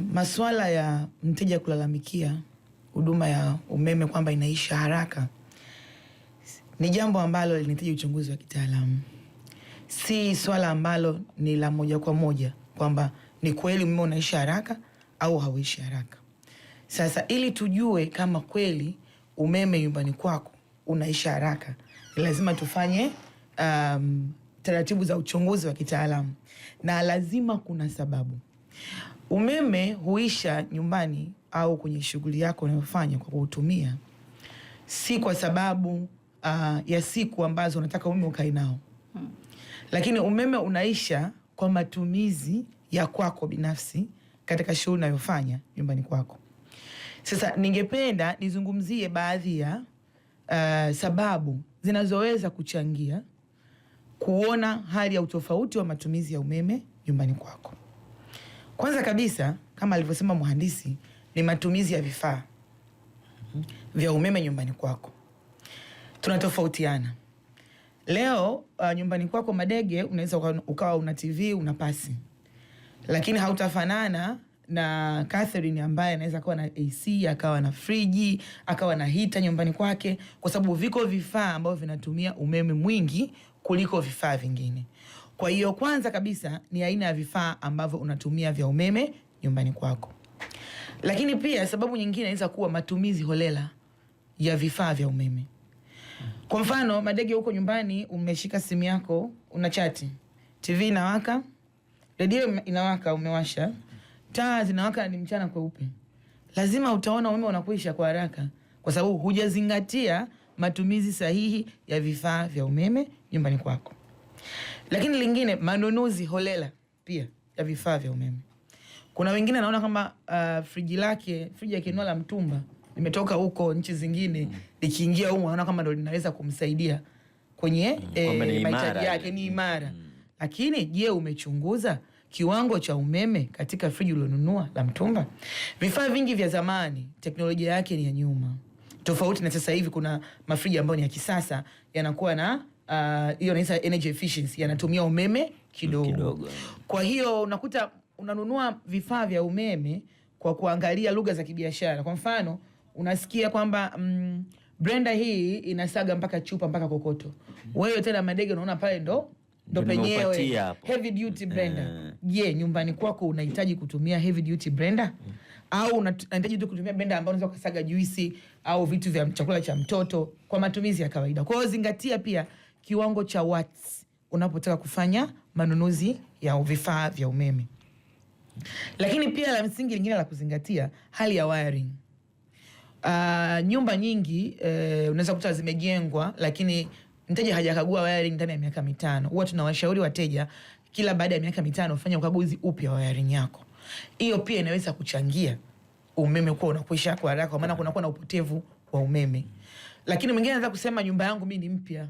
maswala masuala ya mteja kulalamikia huduma ya umeme kwamba inaisha haraka ni jambo ambalo linahitaji uchunguzi wa kitaalamu, si swala ambalo ni la moja kwa moja kwamba ni kweli umeme unaisha haraka au hauishi haraka. Sasa ili tujue kama kweli umeme nyumbani kwako unaisha haraka, lazima tufanye um, taratibu za uchunguzi wa kitaalamu na lazima kuna sababu. Umeme huisha nyumbani au kwenye shughuli yako unayofanya kwa kuutumia, si kwa sababu uh, ya siku ambazo unataka umeme ukae nao hmm. Lakini umeme unaisha kwa matumizi ya kwako binafsi katika shughuli unayofanya nyumbani kwako. Sasa ningependa nizungumzie baadhi ya uh, sababu zinazoweza kuchangia kuona hali ya utofauti wa matumizi ya umeme nyumbani kwako. Kwanza kabisa kama alivyosema mhandisi ni matumizi ya vifaa vya umeme nyumbani kwako. Tunatofautiana leo. Uh, nyumbani kwako Madege, unaweza ukawa una TV una pasi, lakini hautafanana na Catherine ambaye anaweza akawa na AC akawa na friji akawa na hita nyumbani kwake, kwa sababu viko vifaa ambavyo vinatumia umeme mwingi kuliko vifaa vingine. Kwa hiyo kwanza kabisa ni aina ya vifaa ambavyo unatumia vya umeme nyumbani kwako. Lakini pia sababu nyingine inaweza kuwa matumizi holela ya vifaa vya umeme. Kwa mfano, Madege, huko nyumbani umeshika simu yako una chati, TV inawaka, redio inawaka, umewasha taa zinawaka, ni mchana kweupe, lazima utaona umeme unakwisha kwa haraka, kwa sababu hujazingatia matumizi sahihi ya vifaa vya umeme nyumbani kwako. Lakini lingine, manunuzi holela pia ya vifaa vya umeme. Kuna wengine naona kama uh, friji lake friji akinua la mtumba limetoka huko nchi zingine likiingia mm. huko naona kama ndo linaweza kumsaidia kwenye mm, eh, mahitaji yake ni imara mm. Lakini je, umechunguza kiwango cha umeme katika friji ulionunua la mtumba? Vifaa vingi vya zamani teknolojia yake ni ya nyuma, tofauti na sasa hivi kuna mafriji ambayo ni ya kisasa yanakuwa na Uh, hiyo uh, inaitwa energy efficiency, yanatumia umeme kidogo kidogo. Kwa hiyo unakuta unanunua vifaa vya umeme kwa kuangalia lugha za kibiashara. Kwa mfano, unasikia kwamba mm, blender hii inasaga mpaka chupa mpaka kokoto. Hmm. Wewe tena madege unaona pale ndo ndo penyewe heavy duty eh. blender. Je, yeah, nyumbani kwako unahitaji kutumia heavy duty blender hmm. au unahitaji tu kutumia blender ambayo unaweza kusaga juisi au vitu vya chakula cha mtoto kwa matumizi ya kawaida? Kwa hiyo zingatia pia kiwango cha watts unapotaka kufanya manunuzi ya vifaa vya umeme. Lakini pia la msingi lingine la kuzingatia, hali ya wiring. Uh, nyumba nyingi uh, unaweza kuta zimejengwa lakini mteja hajakagua wiring ndani ya miaka mitano. Huwa tunawashauri wateja kila baada ya miaka mitano fanya ukaguzi upya wa wiring yako. Hiyo pia inaweza kuchangia umeme kuwa unakwisha kwa haraka, kwa maana kunakuwa na upotevu wa umeme. Lakini mwingine anaweza kusema nyumba yangu mimi ni mpya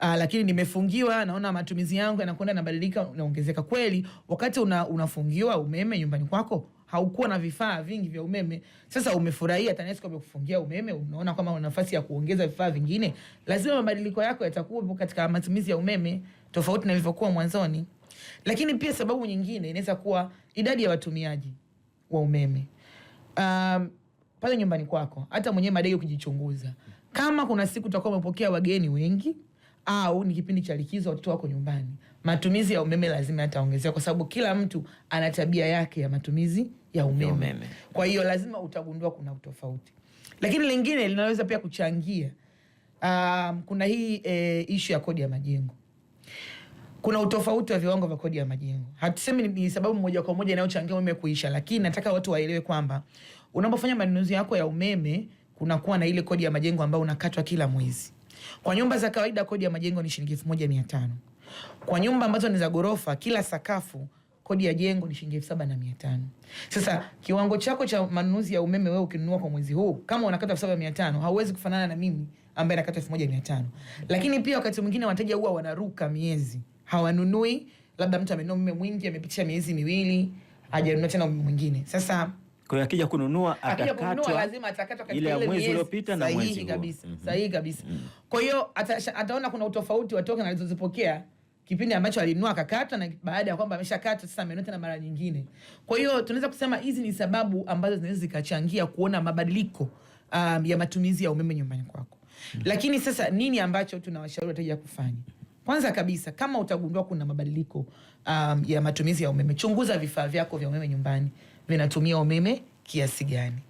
Uh, lakini nimefungiwa, naona matumizi yangu yanakwenda yanabadilika, naongezeka. Kweli wakati una, unafungiwa umeme nyumbani kwako haukuwa na vifaa vingi vya umeme. Sasa umefurahia TANESCO amekufungia umeme, unaona kama una nafasi ya kuongeza vifaa vingine, lazima mabadiliko yako yatakuwepo katika matumizi ya umeme, tofauti na ilivyokuwa mwanzoni. Lakini pia sababu nyingine inaweza kuwa idadi ya watumiaji wa umeme um, pale nyumbani kwako. Hata mwenyewe madege kujichunguza, kama kuna siku utakuwa umepokea wageni wengi au ni kipindi cha likizo, watoto wako nyumbani, matumizi ya umeme lazima yataongezeka, kwa sababu kila mtu ana tabia yake ya matumizi ya umeme, ya umeme. Kwa hiyo lazima utagundua kuna utofauti, lakini lingine linaweza pia kuchangia um, kuna hii e, eh, ishu ya kodi ya majengo kuna utofauti wa viwango vya kodi ya majengo. Hatusemi ni sababu moja kwa moja inayochangia umeme kuisha, lakini nataka watu waelewe kwamba unapofanya manunuzi yako ya umeme kunakuwa na ile kodi ya majengo ambayo unakatwa kila mwezi. Kwa nyumba za kawaida kodi ya majengo ni shilingi elfu moja mia tano. Kwa nyumba ambazo ni za ghorofa kila sakafu kodi ya jengo ni shilingi elfu saba na mia tano. Sasa kiwango chako cha manunuzi ya umeme wewe ukinunua kwa mwezi huu kama unakata elfu saba mia tano hauwezi kufanana na mimi ambaye nakata elfu moja mia tano. Lakini pia wakati mwingine wateja huwa wanaruka miezi, hawanunui, labda mtu amenunua umeme mwingi, amepitisha miezi miwili, hajanunua tena umeme mwingine. Sasa kwa hiyo akija kununua atakatwa, lazima atakatwa katika ile ya mwezi uliopita na mwezi huu. Kabisa mhm. sahihi kabisa. Mhm. Kwa hiyo ataona kuna utofauti wa token alizozipokea kipindi ambacho alinunua akakatwa na baada ya kwamba ameshakatwa sasa amenunua tena mara nyingine. Kwa hiyo tunaweza kusema hizi ni sababu ambazo zinaweza zikachangia kuona mabadiliko um, ya matumizi ya umeme nyumbani kwako. Mm -hmm. Lakini sasa nini ambacho tunawashauri wateja kufanya? Kwanza kabisa kama utagundua kuna mabadiliko um, ya matumizi ya umeme, chunguza vifaa vyako vya umeme nyumbani vinatumia umeme kiasi gani.